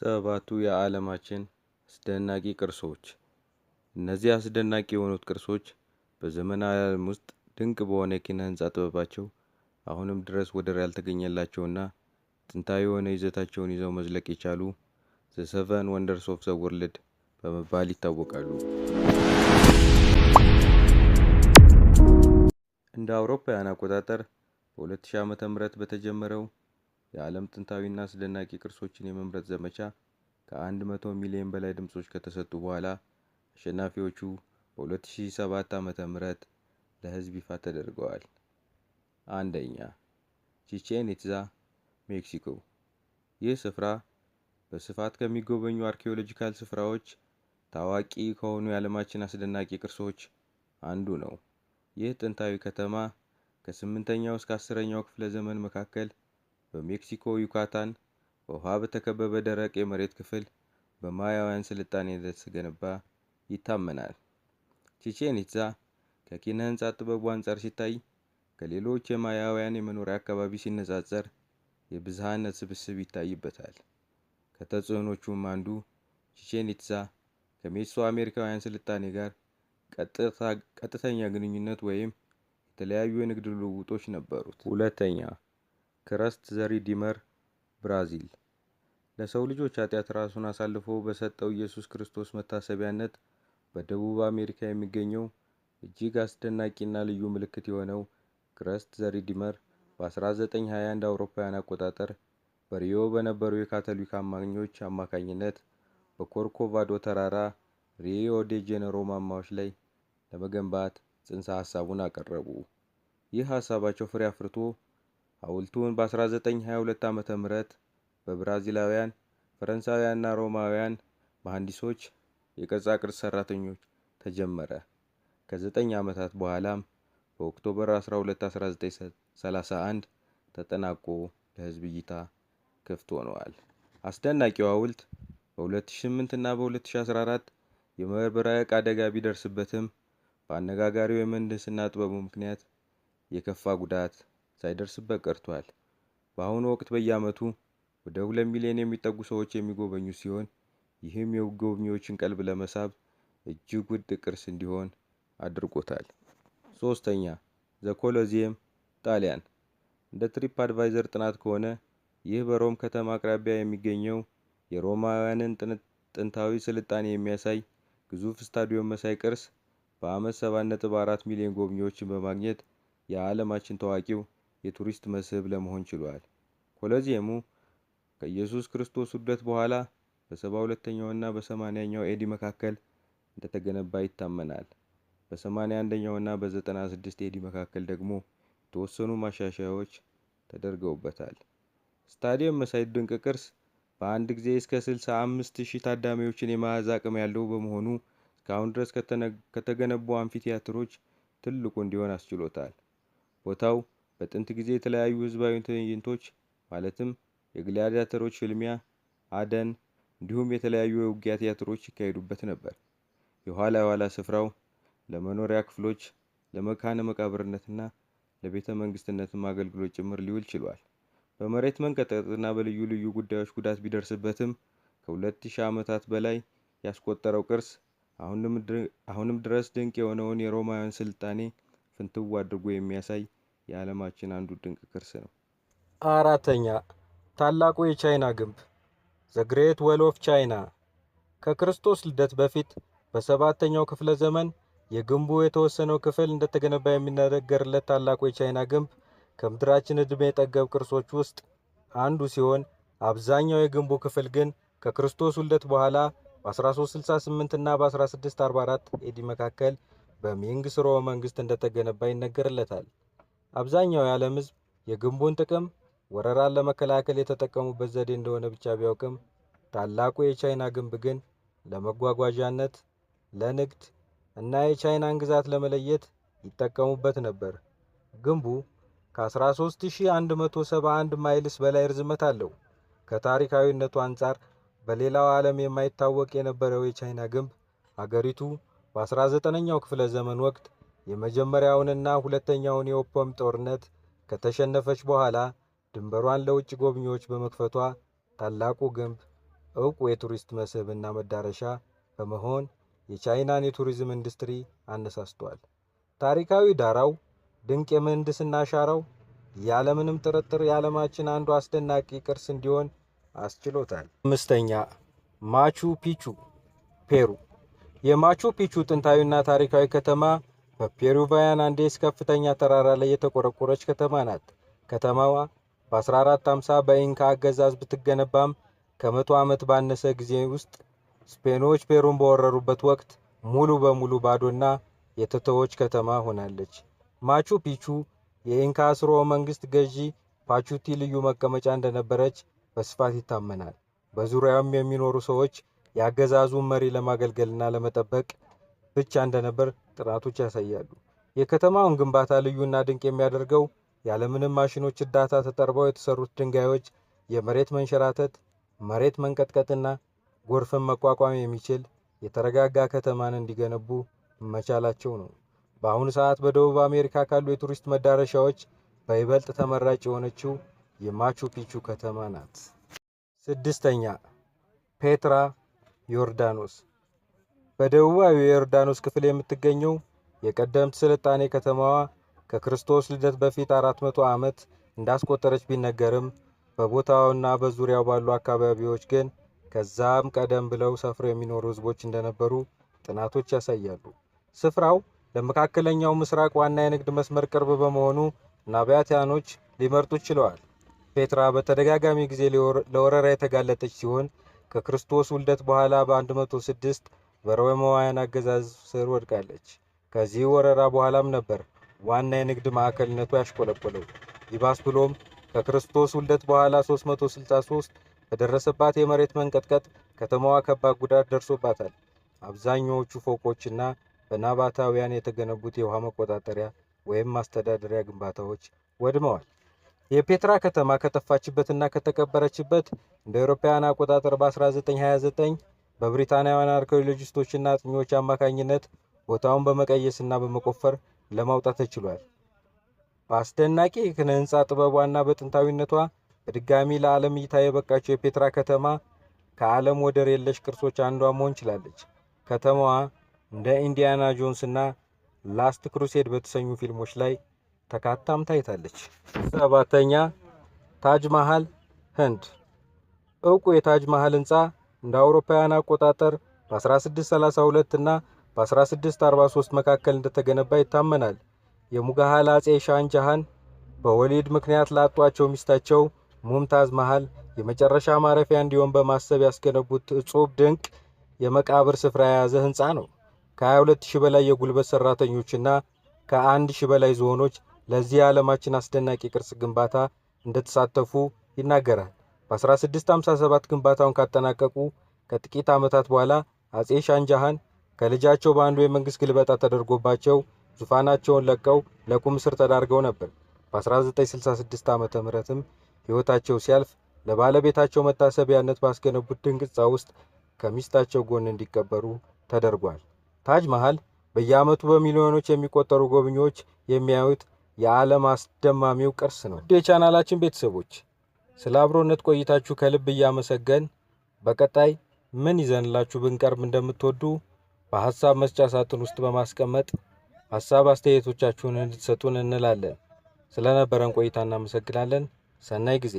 ሰባቱ የዓለማችን አስደናቂ ቅርሶች። እነዚህ አስደናቂ የሆኑት ቅርሶች በዘመን ዓለም ውስጥ ድንቅ በሆነ የኪነ ህንፃ ጥበባቸው አሁንም ድረስ ወደር ያልተገኘላቸውና ጥንታዊ የሆነ ይዘታቸውን ይዘው መዝለቅ የቻሉ ዘ ሰቨን ወንደርስ ኦፍ ዘ ወርልድ በመባል ይታወቃሉ። እንደ አውሮፓውያን አቆጣጠር በ2000 ም በተጀመረው የዓለም ጥንታዊና አስደናቂ ቅርሶችን የመምረጥ ዘመቻ ከ100 ሚሊዮን በላይ ድምጾች ከተሰጡ በኋላ አሸናፊዎቹ በ2007 ዓ.ም ለሕዝብ ይፋ ተደርገዋል። አንደኛ ቺቼን ኢትዛ ሜክሲኮ። ይህ ስፍራ በስፋት ከሚጎበኙ አርኪኦሎጂካል ስፍራዎች ታዋቂ ከሆኑ የዓለማችን አስደናቂ ቅርሶች አንዱ ነው። ይህ ጥንታዊ ከተማ ከ8ኛው እስከ 10ኛው ክፍለ ዘመን መካከል በሜክሲኮ ዩካታን በውሃ በተከበበ ደረቅ የመሬት ክፍል በማያውያን ስልጣኔ እንደተገነባ ይታመናል። ቺቼን ኢትዛ ከኪነ ህንፃ ጥበቡ አንጻር ሲታይ ከሌሎች የማያውያን የመኖሪያ አካባቢ ሲነጻጸር የብዝሃነት ስብስብ ይታይበታል። ከተጽዕኖቹም አንዱ ቺቼን ኢትዛ ከሜሶ አሜሪካውያን ስልጣኔ ጋር ቀጥተኛ ግንኙነት ወይም የተለያዩ የንግድ ልውውጦች ነበሩት። ሁለተኛ ክረስት ዘሪ ዲመር ብራዚል ለሰው ልጆች ኃጢአት ራሱን አሳልፎ በሰጠው ኢየሱስ ክርስቶስ መታሰቢያነት በደቡብ አሜሪካ የሚገኘው እጅግ አስደናቂና ልዩ ምልክት የሆነው ክረስት ዘሪ ዲመር በ 1921 አውሮፓውያን አቆጣጠር በሪዮ በነበሩ የካቶሊክ አማኞች አማካኝነት በኮርኮቫዶ ተራራ ሪዮ ዴ ጄኔሮ ማማዎች ላይ ለመገንባት ጽንሰ ሀሳቡን አቀረቡ። ይህ ሀሳባቸው ፍሬ አፍርቶ ሐውልቱን በ1922 ዓ ም በብራዚላውያን ፈረንሳውያንና ሮማውያን መሐንዲሶች የቅርጻ ቅርጽ ሠራተኞች ተጀመረ። ከ9 ዓመታት በኋላም በኦክቶበር 12 1931 ተጠናቆ ለሕዝብ እይታ ክፍት ሆነዋል። አስደናቂው ሐውልት በ2008 እና በ2014 የመብረቅ አደጋ ቢደርስበትም በአነጋጋሪው የምህንድስና ጥበቡ ምክንያት የከፋ ጉዳት ሳይደርስበት ቀርቷል። በአሁኑ ወቅት በየዓመቱ ወደ ሁለት ሚሊዮን የሚጠጉ ሰዎች የሚጎበኙ ሲሆን ይህም የጎብኚዎችን ቀልብ ለመሳብ እጅግ ውድ ቅርስ እንዲሆን አድርጎታል። ሶስተኛ ዘ ኮሎዚየም ጣሊያን። እንደ ትሪፕ አድቫይዘር ጥናት ከሆነ ይህ በሮም ከተማ አቅራቢያ የሚገኘው የሮማውያንን ጥንታዊ ስልጣኔ የሚያሳይ ግዙፍ ስታዲዮም መሳይ ቅርስ በዓመት 7.4 ሚሊዮን ጎብኚዎችን በማግኘት የዓለማችን ታዋቂው የቱሪስት መስህብ ለመሆን ችሏል። ኮሎዚየሙ ከኢየሱስ ክርስቶስ ውደት በኋላ በሰባ ሁለተኛውና በሰማንያኛው ኤዲ መካከል እንደተገነባ ይታመናል። በሰማንያ አንደኛውና በዘጠና ስድስት ኤዲ መካከል ደግሞ የተወሰኑ ማሻሻያዎች ተደርገውበታል። ስታዲየም መሳይ ድንቅ ቅርስ በአንድ ጊዜ እስከ 65 ሺህ ታዳሚዎችን የመያዝ አቅም ያለው በመሆኑ እስካሁን ድረስ ከተገነቡ አምፊቲያትሮች ትልቁ እንዲሆን አስችሎታል። ቦታው በጥንት ጊዜ የተለያዩ ህዝባዊ ትዕይንቶች ማለትም የግላዲያተሮች ፍልሚያ፣ አደን እንዲሁም የተለያዩ የውጊያ ቲያትሮች ይካሄዱበት ነበር። የኋላ የኋላ ስፍራው ለመኖሪያ ክፍሎች፣ ለመካነ መቃብርነትና ለቤተ መንግስትነትም አገልግሎት ጭምር ሊውል ችሏል። በመሬት መንቀጥቀጥና በልዩ ልዩ ጉዳዮች ጉዳት ቢደርስበትም ከ2000 ዓመታት በላይ ያስቆጠረው ቅርስ አሁንም ድረስ ድንቅ የሆነውን የሮማውያን ስልጣኔ ፍንትው አድርጎ የሚያሳይ የዓለማችን አንዱ ድንቅ ቅርስ ነው። አራተኛ ታላቁ የቻይና ግንብ ዘ ግሬት ወል ኦፍ ቻይና ከክርስቶስ ልደት በፊት በሰባተኛው ክፍለ ዘመን የግንቡ የተወሰነው ክፍል እንደተገነባ የሚነገርለት ታላቁ የቻይና ግንብ ከምድራችን ዕድሜ የጠገብ ቅርሶች ውስጥ አንዱ ሲሆን አብዛኛው የግንቡ ክፍል ግን ከክርስቶስ ውልደት በኋላ በ1368 እና በ1644 ኤዲ መካከል በሚንግ ስርወ መንግስት እንደተገነባ ይነገርለታል። አብዛኛው የዓለም ሕዝብ የግንቡን ጥቅም ወረራን ለመከላከል የተጠቀሙበት ዘዴ እንደሆነ ብቻ ቢያውቅም ታላቁ የቻይና ግንብ ግን ለመጓጓዣነት፣ ለንግድ እና የቻይናን ግዛት ለመለየት ይጠቀሙበት ነበር። ግንቡ ከ13171 ማይልስ በላይ ርዝመት አለው። ከታሪካዊነቱ አንጻር በሌላው ዓለም የማይታወቅ የነበረው የቻይና ግንብ አገሪቱ በ19ኛው ክፍለ ዘመን ወቅት የመጀመሪያውንና ሁለተኛውን የኦፖም ጦርነት ከተሸነፈች በኋላ ድንበሯን ለውጭ ጎብኚዎች በመክፈቷ ታላቁ ግንብ እውቁ የቱሪስት መስህብና መዳረሻ በመሆን የቻይናን የቱሪዝም ኢንዱስትሪ አነሳስቷል። ታሪካዊ ዳራው፣ ድንቅ የምህንድስና አሻራው ያለምንም ጥርጥር የዓለማችን አንዱ አስደናቂ ቅርስ እንዲሆን አስችሎታል። አምስተኛ ማቹ ፒቹ ፔሩ። የማቹ ፒቹ ጥንታዊና ታሪካዊ ከተማ በፔሩቪያን አንዴስ ከፍተኛ ተራራ ላይ የተቆረቆረች ከተማ ናት። ከተማዋ በ1450 በኢንካ አገዛዝ ብትገነባም ከመቶ ዓመት ባነሰ ጊዜ ውስጥ ስፔኖች ፔሩን በወረሩበት ወቅት ሙሉ በሙሉ ባዶና የተተወች ከተማ ሆናለች። ማቹ ፒቹ የኢንካ ስርወ መንግስት ገዢ ፓቹቲ ልዩ መቀመጫ እንደነበረች በስፋት ይታመናል። በዙሪያውም የሚኖሩ ሰዎች የአገዛዙን መሪ ለማገልገልና ለመጠበቅ ብቻ እንደነበር ጥናቶች ያሳያሉ። የከተማውን ግንባታ ልዩና ድንቅ የሚያደርገው ያለምንም ማሽኖች እርዳታ ተጠርበው የተሰሩት ድንጋዮች የመሬት መንሸራተት፣ መሬት መንቀጥቀጥና ጎርፍን መቋቋም የሚችል የተረጋጋ ከተማን እንዲገነቡ መቻላቸው ነው። በአሁኑ ሰዓት በደቡብ አሜሪካ ካሉ የቱሪስት መዳረሻዎች በይበልጥ ተመራጭ የሆነችው የማቹ ፒቹ ከተማ ናት። ስድስተኛ ፔትራ ዮርዳኖስ በደቡባዊ የዮርዳኖስ ክፍል የምትገኘው የቀደምት ስልጣኔ ከተማዋ ከክርስቶስ ልደት በፊት 400 ዓመት እንዳስቆጠረች ቢነገርም በቦታውና በዙሪያው ባሉ አካባቢዎች ግን ከዛም ቀደም ብለው ሰፍረው የሚኖሩ ሕዝቦች እንደነበሩ ጥናቶች ያሳያሉ። ስፍራው ለመካከለኛው ምስራቅ ዋና የንግድ መስመር ቅርብ በመሆኑ ናባጥያኖች ሊመርጡ ችለዋል። ፔትራ በተደጋጋሚ ጊዜ ለወረራ የተጋለጠች ሲሆን ከክርስቶስ ውልደት በኋላ በ106 በሮማውያን አገዛዝ ስር ወድቃለች። ከዚህ ወረራ በኋላም ነበር ዋና የንግድ ማዕከልነቱ ያሽቆለቆለው። ይባስ ብሎም ከክርስቶስ ውልደት በኋላ 363 በደረሰባት የመሬት መንቀጥቀጥ ከተማዋ ከባድ ጉዳት ደርሶባታል። አብዛኛዎቹ ፎቆችና በናባታውያን የተገነቡት የውሃ መቆጣጠሪያ ወይም ማስተዳደሪያ ግንባታዎች ወድመዋል። የፔትራ ከተማ ከጠፋችበትና ከተቀበረችበት እንደ አውሮፓውያን አቆጣጠር በ1929 በብሪታንያውያን አርኪኦሎጂስቶችና አጥኚዎች አማካኝነት ቦታውን በመቀየስና በመቆፈር ለማውጣት ተችሏል። በአስደናቂ የኪነ ህንፃ ጥበቧና በጥንታዊነቷ በድጋሚ ለዓለም እይታ የበቃቸው የፔትራ ከተማ ከዓለም ወደር የለሽ ቅርሶች አንዷ መሆን ችላለች። ከተማዋ እንደ ኢንዲያና ጆንስ እና ላስት ክሩሴድ በተሰኙ ፊልሞች ላይ ተካታም ታይታለች። ሰባተኛ ታጅ መሃል ህንድ። እውቁ የታጅ መሃል ህንፃ እንደ አውሮፓውያን አቆጣጠር በ1632 እና በ1643 መካከል እንደተገነባ ይታመናል። የሙጋሃል አጼ ሻን ጃሃን በወሊድ ምክንያት ላጧቸው ሚስታቸው ሙምታዝ መሃል የመጨረሻ ማረፊያ እንዲሆን በማሰብ ያስገነቡት እጹብ ድንቅ የመቃብር ስፍራ የያዘ ህንፃ ነው። ከ22000 በላይ የጉልበት ሰራተኞችና ከ1000 በላይ ዝሆኖች ለዚህ የዓለማችን አስደናቂ ቅርስ ግንባታ እንደተሳተፉ ይናገራል። በ1657 ግንባታውን ካጠናቀቁ ከጥቂት ዓመታት በኋላ አጼ ሻንጃሃን ከልጃቸው በአንዱ የመንግሥት ግልበጣ ተደርጎባቸው ዙፋናቸውን ለቀው ለቁም እስር ተዳርገው ነበር። በ1966 ምትም ሕይወታቸው ሲያልፍ ለባለቤታቸው መታሰቢያነት ባስገነቡት ድንቅ ሕንፃ ውስጥ ከሚስታቸው ጎን እንዲቀበሩ ተደርጓል። ታጅ መሃል በየዓመቱ በሚሊዮኖች የሚቆጠሩ ጎብኚዎች የሚያዩት የዓለም አስደማሚው ቅርስ ነው። የቻናላችን ቤተሰቦች ስለ አብሮነት ቆይታችሁ ከልብ እያመሰገን በቀጣይ ምን ይዘንላችሁ ብንቀርብ እንደምትወዱ በሀሳብ መስጫ ሳጥን ውስጥ በማስቀመጥ ሀሳብ አስተያየቶቻችሁን እንድትሰጡን እንላለን። ስለነበረን ቆይታ እናመሰግናለን። ሰናይ ጊዜ